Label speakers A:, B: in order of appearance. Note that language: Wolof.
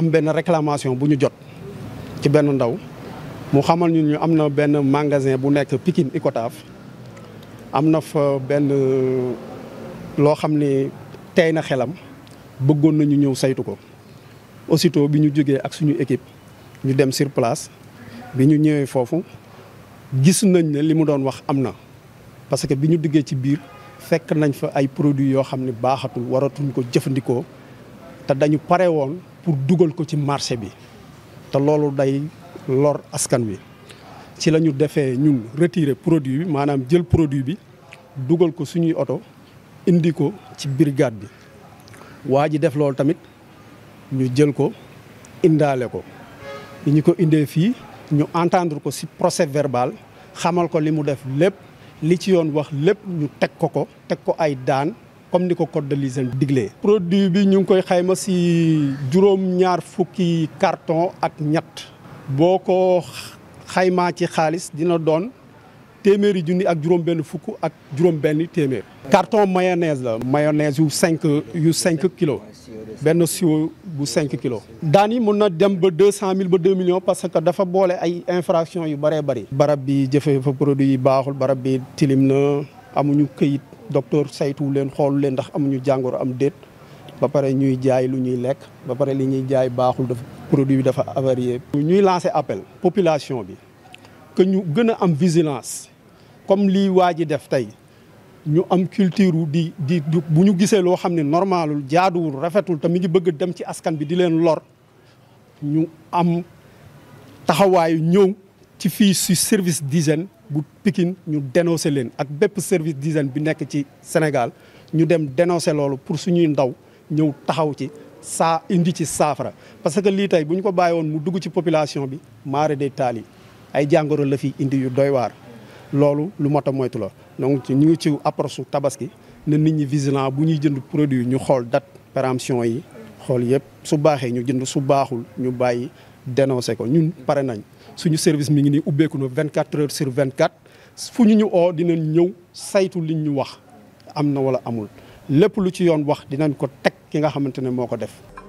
A: am benn réclamation bu ñu jot ci benn ndaw mu xamal ñun ñu am na benn magasin bu nekk Pikine Icotaf am na fa benn euh, loo xam ni tey na xelam bëggoon nañu ñëw saytu ko aussitôt bi ñu jógee ak suñu équipe ñu dem sur place bi ñu ñëwee foofu gis nañ ne li mu doon wax am na parce que bi ñu diggee ci biir fekk nañ fa ay produits yoo xam ne baaxatul waratuñ ko jëfandikoo te dañu pare woon pour dugal ko ci marché bi te loolu day lor askan wi ci la ñu defee ñun retirer produit bi maanaam jël produit bi dugal ko suñuy oto indi ko ci brigade bi waa ji def loolu tamit ñu jël ko indaale ko ñu ko indee fii ñu entendre ko ci procès verbal xamal ko li mu def lépp li ci yoon wax lépp ñu teg ko ko teg ko ay daan comme ni ko code de l'hygiène diglee produit bi ñu ngi koy xayma si juróom-ñaar fukki carton ak ñett boo ko xaymaa ci xaalis dina doon téeméeri junni ak juróom benn fukk ak juróom benn téeméer carton mayonnaise la mayonnaise yu cinq yu cinq kilos benn siwo bu cinq kilos daan yi mën na dem ba deux cent mille ba deux millions parce que dafa boole ay infraction yu bëree bëri barab bi jëfe fa produit yi baaxul barab bi tilim na amuñu këyit docteur saytuwu leen xoolu leen ndax amuñu jàngoro am déet ba pare ñuy jaay lu ñuy lekk ba pare li ñuy jaay baaxul dafa produit bi dafa avarié. ñuy lancer appel population bi que ñu gën a am vigilance comme lii waa ji def tey ñu am culture di di bu ñu gisee loo xam ne normalul jaaduwul rafetul te mi ngi bëgg dem ci askan bi di leen lor ñu am taxawaayu ñëw. ci fii si service d'hygiène bu Pikine ñu dénoncé leen ak bépp service d'hygiène bi nekk ci Sénégal ñu dem dénoncé loolu pour suñuy ndaw ñëw taxaw ci saa indi ci saafara parce que lii tey bu ñu ko bàyyi woon mu dugg ci population bi maare day taal yi ay jàngoro la fi indi yu doy waar loolu lu moto moytu la donc ñu ngi ci su tabaski ne nit ñi vigilant bu ñuy jënd produit ñu xool dat péremption yi xool yëpp su baaxee ñu jënd su baaxul ñu bàyyi dénoncé ko ñun pare nañ suñu service mi ngi nii ubbeeku na 24 heures sur 24 fu ñu ñu oo dinañ ñëw saytu liñ ñu wax am na wala amul lépp lu ci yoon wax dinañ ko teg ki nga xamante ne moo ko def.